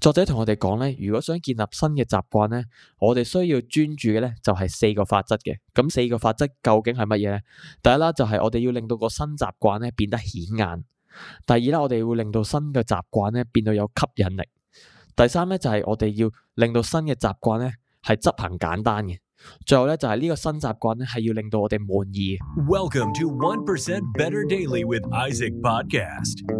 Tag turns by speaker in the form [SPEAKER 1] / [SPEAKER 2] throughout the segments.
[SPEAKER 1] 作者同我哋講咧，如果想建立新嘅習慣咧，我哋需要專注嘅咧就係四個法則嘅。咁四個法則究竟係乜嘢咧？第一啦，就係我哋要令到個新習慣咧變得顯眼；第二啦，我哋會令到新嘅習慣咧變到有吸引力；第三咧，就係我哋要令到新嘅習慣咧係執行簡單嘅；最後咧，就係呢個新習慣咧係要令到我哋滿意。Welcome to 1% Better Daily with Isaac Podcast.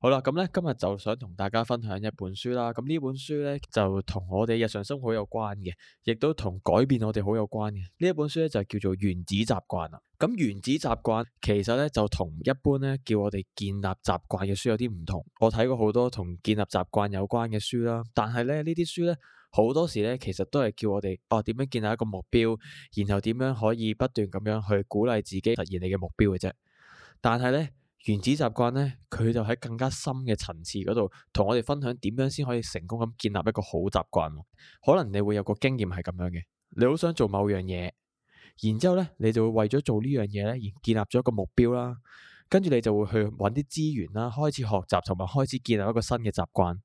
[SPEAKER 1] 好啦，咁咧今日就想同大家分享一本書啦。咁呢本書咧就同我哋日常生活有關嘅，亦都同改變我哋好有關嘅。呢一本書咧就叫做《原子習慣》啊。咁《原子習慣》其實咧就同一般咧叫我哋建立習慣嘅書有啲唔同。我睇過好多同建立習慣有關嘅書啦，但係咧呢啲書咧好多時咧其實都係叫我哋哦點樣建立一個目標，然後點樣可以不斷咁樣去鼓勵自己實現你嘅目標嘅啫。但係咧。原子習慣咧，佢就喺更加深嘅層次嗰度，同我哋分享點樣先可以成功咁建立一個好習慣。可能你會有個經驗係咁樣嘅，你好想做某樣嘢，然之後咧，你就會為咗做呢樣嘢咧，而建立咗一個目標啦，跟住你就會去揾啲資源啦，開始學習同埋開始建立一個新嘅習慣。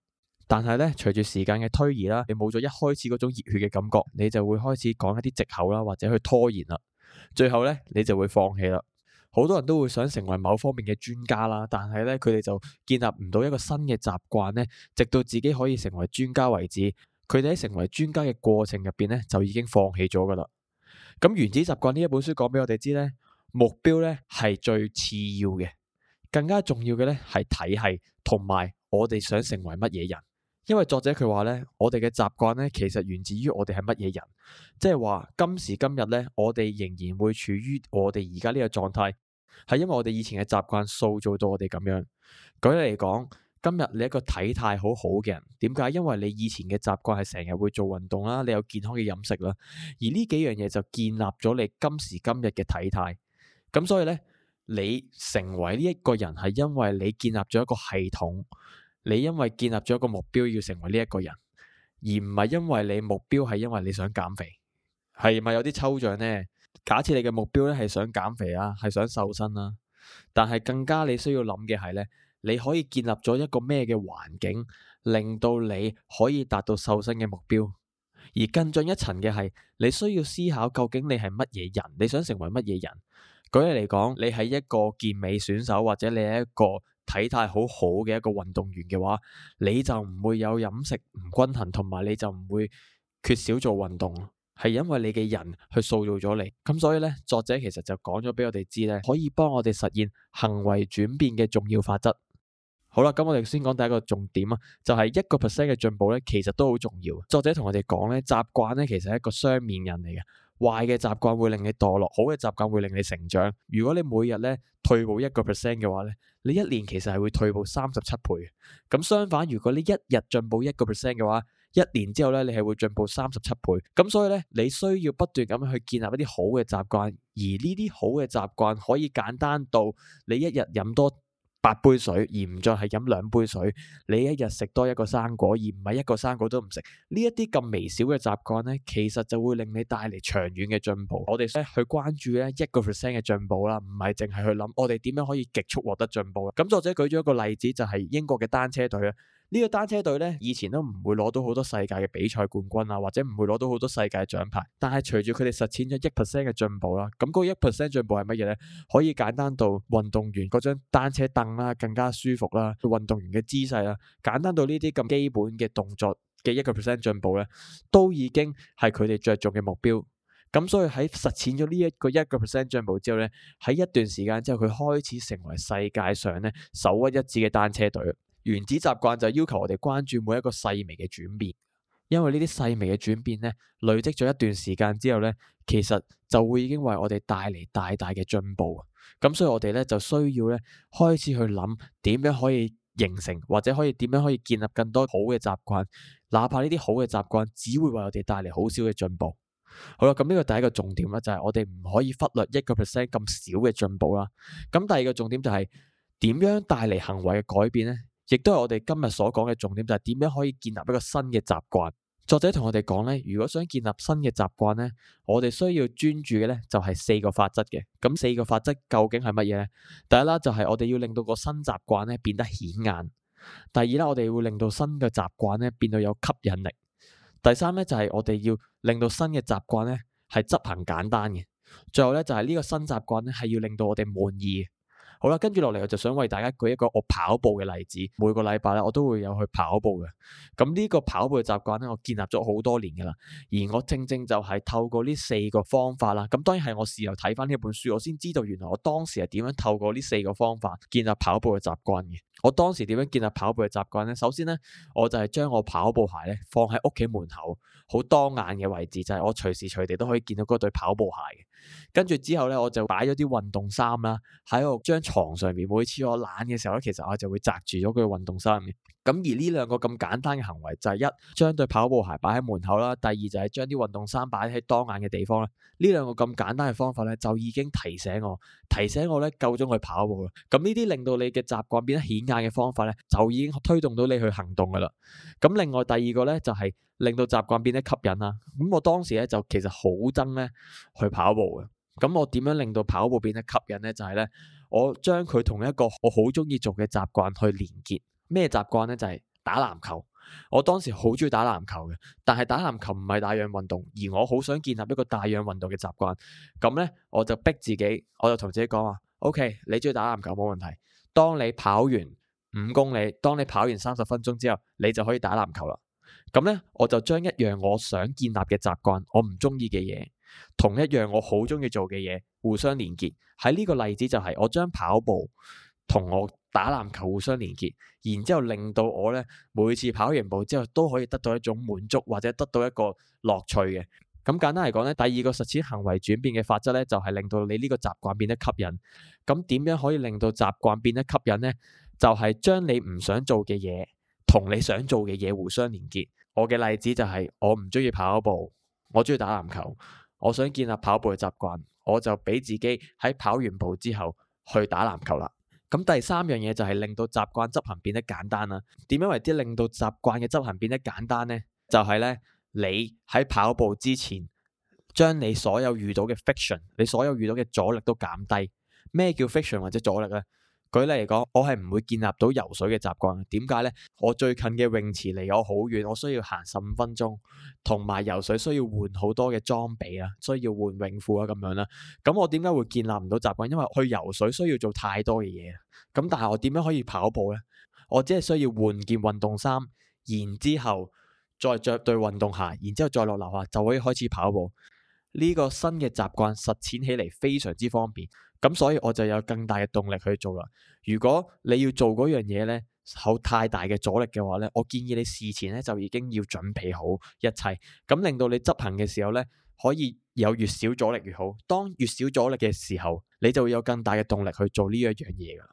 [SPEAKER 1] 但係咧，隨住時間嘅推移啦，你冇咗一開始嗰種熱血嘅感覺，你就會開始講一啲借口啦，或者去拖延啦，最後咧，你就會放棄啦。好多人都會想成為某方面嘅專家啦，但係咧，佢哋就建立唔到一個新嘅習慣咧，直到自己可以成為專家為止。佢哋喺成為專家嘅過程入邊咧，就已經放棄咗㗎喇。咁原子習慣呢一本書講俾我哋知咧，目標咧係最次要嘅，更加重要嘅咧係體系同埋我哋想成為乜嘢人。因為作者佢話咧，我哋嘅習慣咧其實源自於我哋係乜嘢人，即係話今時今日咧，我哋仍然會處於我哋而家呢個狀態。係因為我哋以前嘅習慣塑造到我哋咁樣，舉例嚟講，今日你一個體態好好嘅人，點解？因為你以前嘅習慣係成日會做運動啦，你有健康嘅飲食啦，而呢幾樣嘢就建立咗你今時今日嘅體態。咁所以咧，你成為呢一個人係因為你建立咗一個系統，你因為建立咗一個目標要成為呢一個人，而唔係因為你目標係因為你想減肥。係咪有啲抽象呢？假設你嘅目標咧係想減肥啊，係想瘦身啊。但係更加你需要諗嘅係咧，你可以建立咗一個咩嘅環境，令到你可以達到瘦身嘅目標。而更進一層嘅係，你需要思考究竟你係乜嘢人，你想成為乜嘢人。舉例嚟講，你係一個健美選手，或者你係一個體態好好嘅一個運動員嘅話，你就唔會有飲食唔均衡，同埋你就唔會缺少做運動。係因為你嘅人去塑造咗你，咁所以呢，作者其實就講咗畀我哋知咧，可以幫我哋實現行為轉變嘅重要法則好啦，咁、嗯、我哋先講第一個重點啊，就係一個 percent 嘅進步咧，其實都好重要。作者同我哋講咧，習慣咧其實係一個雙面人嚟嘅，壞嘅習慣會令你墮落，好嘅習慣會令你成長。如果你每日咧退步一個 percent 嘅話咧，你一年其實係會退步三十七倍。咁相反，如果你一日進步一個 percent 嘅話，一年之後咧，你係會進步三十七倍。咁所以咧，你需要不斷咁樣去建立一啲好嘅習慣。而呢啲好嘅習慣可以簡單到你一日飲多八杯水，而唔再係飲兩杯水。你一日食多一個生果，而唔係一個生果都唔食。呢一啲咁微小嘅習慣咧，其實就會令你帶嚟長遠嘅進步。我哋咧去關注咧一個 percent 嘅進步啦，唔係淨係去諗我哋點樣可以極速獲得進步啦。咁作者舉咗一個例子，就係英國嘅單車隊啊。呢個單車隊咧，以前都唔會攞到好多世界嘅比賽冠軍啊，或者唔會攞到好多世界獎牌。但係隨住佢哋實踐咗一 percent 嘅進步啦、啊，咁嗰一 percent 進步係乜嘢咧？可以簡單到運動員嗰張單車凳啦，更加舒服啦、啊，運動員嘅姿勢啦、啊，簡單到呢啲咁基本嘅動作嘅一個 percent 進步咧，都已經係佢哋着重嘅目標。咁所以喺實踐咗呢一個一個 percent 進步之後咧，喺一段時間之後，佢開始成為世界上咧首屈一指嘅單車隊。原子習慣就要求我哋關注每一個細微嘅轉變，因為呢啲細微嘅轉變咧，累積咗一段時間之後咧，其實就會已經為我哋帶嚟大大嘅進步。咁所以我哋咧就需要咧開始去諗點樣可以形成或者可以點樣可以建立更多好嘅習慣，哪怕呢啲好嘅習慣只會為我哋帶嚟好少嘅進步。好啦，咁呢個第一個重點咧就係我哋唔可以忽略一個 percent 咁少嘅進步啦。咁第二個重點就係點樣帶嚟行為嘅改變咧？亦都係我哋今日所講嘅重點，就係點樣可以建立一個新嘅習慣。作者同我哋講咧，如果想建立新嘅習慣咧，我哋需要專注嘅咧就係四個法則嘅。咁四個法則究竟係乜嘢咧？第一啦，就係我哋要令到個新習慣咧變得顯眼；第二啦，我哋會令到新嘅習慣咧變到有吸引力；第三咧就係我哋要令到新嘅習慣咧係執行簡單嘅；最後咧就係呢個新習慣咧係要令到我哋滿意。好啦，跟住落嚟我就想為大家舉一個我跑步嘅例子。每個禮拜咧，我都會有去跑步嘅。咁呢個跑步嘅習慣咧，我建立咗好多年噶啦。而我正正就係透過呢四個方法啦。咁當然係我事後睇翻呢本書，我先知道原來我當時係點樣透過呢四個方法建立跑步嘅習慣嘅。我當時點樣建立跑步嘅習慣咧？首先咧，我就係將我跑步鞋咧放喺屋企門口好當眼嘅位置，就係、是、我隨時隨地都可以見到嗰對跑步鞋。跟住之後咧，我就擺咗啲運動衫啦，喺我張床上面。每次我懶嘅時候咧，其實我就會扎住咗佢個運動衫。咁而呢兩個咁簡單嘅行為就係一將對跑步鞋擺喺門口啦，第二就係將啲運動衫擺喺當眼嘅地方啦。呢兩個咁簡單嘅方法咧，就已經提醒我，提醒我咧夠鐘去跑步啦。咁呢啲令到你嘅習慣變得顯眼嘅方法咧，就已經推動到你去行動噶啦。咁另外第二個咧就係令到習慣變得吸引啦。咁我當時咧就其實好憎咧去跑步嘅。咁我點樣令到跑步變得吸引咧？就係咧我將佢同一個我好鍾意做嘅習慣去連結。咩習慣呢？就係、是、打籃球。我當時好中意打籃球嘅，但係打籃球唔係帶氧運動，而我好想建立一個帶氧運動嘅習慣。咁呢，我就逼自己，我就同自己講話：，OK，你中意打籃球冇問題。當你跑完五公里，當你跑完三十分鐘之後，你就可以打籃球啦。咁呢，我就將一樣我想建立嘅習慣，我唔中意嘅嘢，同一樣我好中意做嘅嘢互相連結。喺呢個例子就係、是、我將跑步。同我打籃球互相連結，然之後令到我咧每次跑完步之後都可以得到一種滿足，或者得到一個樂趣嘅。咁簡單嚟講咧，第二個實踐行為轉變嘅法則咧，就係令到你呢個習慣變得吸引。咁點樣可以令到習慣變得吸引咧？就係將你唔想做嘅嘢同你想做嘅嘢互相連結。我嘅例子就係我唔中意跑步，我中意打籃球，我想建立跑步嘅習慣，我就俾自己喺跑完步之後去打籃球啦。咁第三樣嘢就係令到習慣執行變得簡單啦。點樣為之令到習慣嘅執行變得簡單呢？就係呢：你喺跑步之前，將你所有遇到嘅 fiction，你所有遇到嘅阻力都減低。咩叫 fiction 或者阻力呢？舉例嚟講，我係唔會建立到游水嘅習慣嘅。點解咧？我最近嘅泳池離我好遠，我需要行十五分鐘，同埋游水需要換好多嘅裝備啦，需要換泳褲啊咁樣啦。咁我點解會建立唔到習慣？因為去游水需要做太多嘅嘢。咁但係我點樣可以跑步咧？我只係需要換件運動衫，然之後再着對運動鞋，然之後再落樓下就可以開始跑步。呢個新嘅習慣實踐起嚟非常之方便。咁所以我就有更大嘅動力去做啦。如果你要做嗰樣嘢咧，有太大嘅阻力嘅話咧，我建議你事前咧就已經要準備好一切，咁令到你執行嘅時候咧可以有越少阻力越好。當越少阻力嘅時候，你就會有更大嘅動力去做呢一樣嘢㗎啦。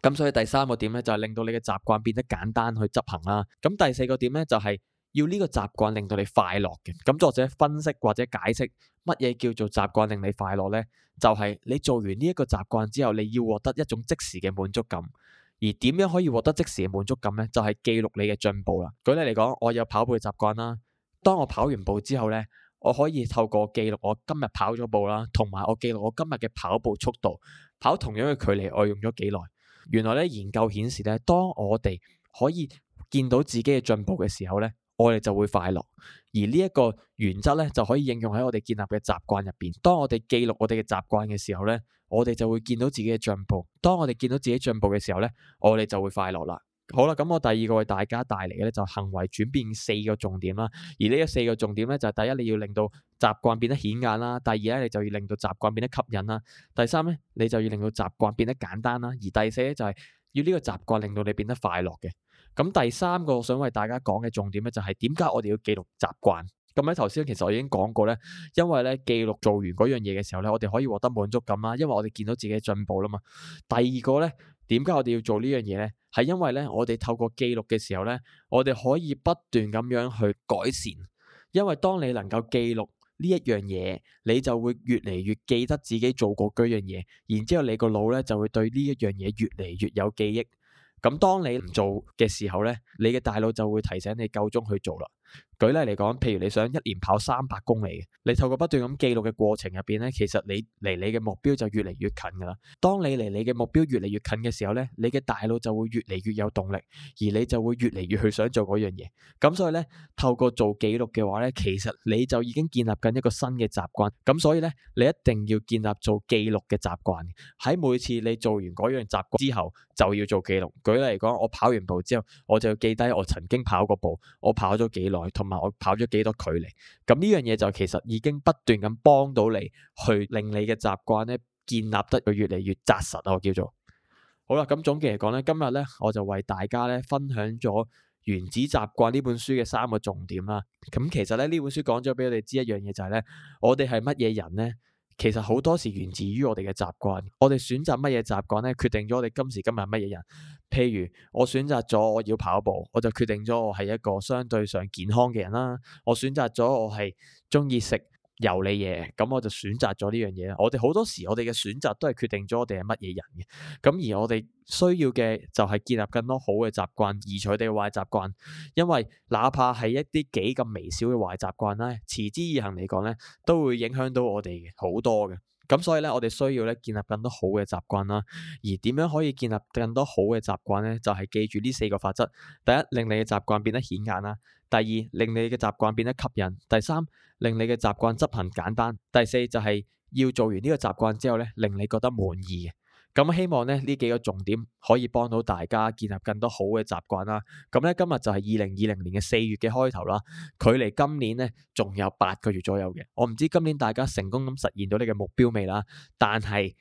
[SPEAKER 1] 咁所以第三個點咧就係令到你嘅習慣變得簡單去執行啦。咁第四個點咧就係要呢個習慣令到你快樂嘅。咁作者分析或者解釋。乜嘢叫做習慣令你快樂呢？就係你做完呢一個習慣之後，你要獲得一種即時嘅滿足感。而點樣可以獲得即時嘅滿足感呢？就係記錄你嘅進步啦。舉例嚟講，我有跑步嘅習慣啦。當我跑完步之後呢，我可以透過記錄我今日跑咗步啦，同埋我記錄我今日嘅跑步速度，跑同樣嘅距離我用咗幾耐。原來咧，研究顯示咧，當我哋可以見到自己嘅進步嘅時候咧。我哋就會快樂，而呢一個原則咧，就可以應用喺我哋建立嘅習慣入邊。當我哋記錄我哋嘅習慣嘅時候咧，我哋就會見到自己嘅進步。當我哋見到自己進步嘅時候咧，我哋就會快樂啦。好啦，咁我第二個為大家帶嚟嘅咧就係行為轉變四個重點啦。而呢個四個重點咧就係第一，你要令到習慣變得顯眼啦，第二咧你就要令到習慣變得吸引啦，第三咧你就要令到習慣變得簡單啦，而第四咧就係要呢個習慣令到你變得快樂嘅。咁第三個我想為大家講嘅重點咧，就係點解我哋要記錄習慣。咁喺頭先其實我已經講過咧，因為咧記錄做完嗰樣嘢嘅時候咧，我哋可以獲得滿足感啦，因為我哋見到自己嘅進步啦嘛。第二個咧，點解我哋要做呢樣嘢咧？係因為咧，我哋透過記錄嘅時候咧，我哋可以不斷咁樣去改善。因為當你能夠記錄呢一樣嘢，你就會越嚟越記得自己做過嗰樣嘢，然之後你個腦咧就會對呢一樣嘢越嚟越有記憶。咁當你唔做嘅時候咧，你嘅大腦就會提醒你夠鐘去做啦。舉例嚟講，譬如你想一年跑三百公里嘅，你透過不斷咁記錄嘅過程入邊咧，其實你離你嘅目標就越嚟越近噶啦。當你離你嘅目標越嚟越近嘅時候咧，你嘅大腦就會越嚟越有動力，而你就會越嚟越去想做嗰樣嘢。咁所以咧，透過做記錄嘅話咧，其實你就已經建立緊一個新嘅習慣。咁所以咧，你一定要建立做記錄嘅習慣。喺每次你做完嗰樣習慣之後，就要做記錄。舉例嚟講，我跑完步之後，我就要記低我曾經跑過步，我跑咗幾耐同。同埋我跑咗幾多距離，咁呢樣嘢，就其實已經不斷咁幫到你，去令你嘅習慣咧建立得越嚟越紮實啊！我叫做好啦，咁總結嚟講咧，今日咧我就為大家咧分享咗《原子習慣》呢本書嘅三個重點啦。咁其實咧呢本書講咗俾我哋知一樣嘢就係咧，我哋係乜嘢人咧？其實好多時源自於我哋嘅習慣，我哋選擇乜嘢習慣呢，決定咗我哋今時今日乜嘢人。譬如我選擇咗我要跑步，我就決定咗我係一個相對上健康嘅人啦。我選擇咗我係鍾意食，由你嘢，咁我就選擇咗呢樣嘢。我哋好多時，我哋嘅選擇都係決定咗我哋係乜嘢人嘅。咁而我哋需要嘅就係建立更多好嘅習慣，而佢哋嘅壞習慣。因為哪怕係一啲幾咁微小嘅壞習慣咧，持之以恆嚟講咧，都會影響到我哋嘅好多嘅。咁所以咧，我哋需要咧建立更多好嘅習慣啦。而點樣可以建立更多好嘅習慣咧？就係記住呢四個法則。第一，令你嘅習慣變得顯眼啦。第二，令你嘅習慣變得吸引；第三，令你嘅習慣執行簡單；第四，就係要做完呢個習慣之後咧，令你覺得滿意嘅。咁希望咧，呢幾個重點可以幫到大家建立更多好嘅習慣啦。咁咧今日就係二零二零年嘅四月嘅開頭啦，距離今年咧仲有八個月左右嘅。我唔知今年大家成功咁實現到呢個目標未啦，但係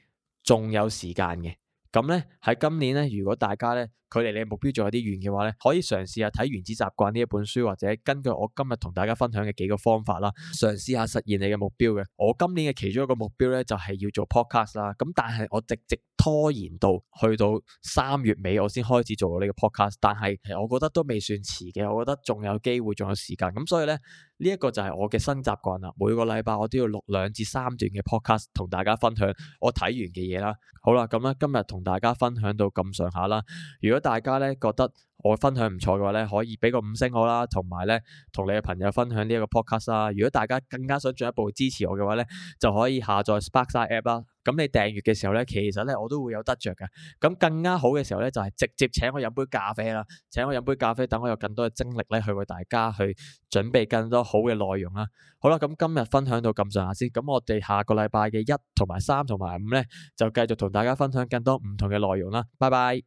[SPEAKER 1] 仲有時間嘅。咁咧喺今年咧，如果大家咧距離你目標仲有啲遠嘅話咧，可以嘗試下睇《原子習慣》呢一本書，或者根據我今日同大家分享嘅幾個方法啦，嘗試下實現你嘅目標嘅。我今年嘅其中一個目標咧，就係要做 podcast 啦。咁但係我直直拖延到去到三月尾，我先開始做呢個 podcast。但係其實我覺得都未算遲嘅，我覺得仲有機會，仲有時間。咁所以咧。呢一個就係我嘅新習慣啦，每個禮拜我都要錄兩至三段嘅 podcast 同大家分享我睇完嘅嘢啦。好啦，咁啦，今日同大家分享到咁上下啦。如果大家咧覺得我分享唔錯嘅話咧，可以畀個五星好啦，同埋咧同你嘅朋友分享呢一個 podcast 啦。如果大家更加想進一步支持我嘅話咧，就可以下載 Sparkside app 啦。咁你訂閱嘅時候咧，其實咧我都會有得着嘅。咁更加好嘅時候咧，就係、是、直接請我飲杯咖啡啦，請我飲杯咖啡，等我有更多嘅精力咧，去為大家去準備更多好嘅內容啦。好啦，咁、嗯、今日分享到咁上下先。咁我哋下個禮拜嘅一同埋三同埋五咧，就繼續同大家分享更多唔同嘅內容啦。拜拜。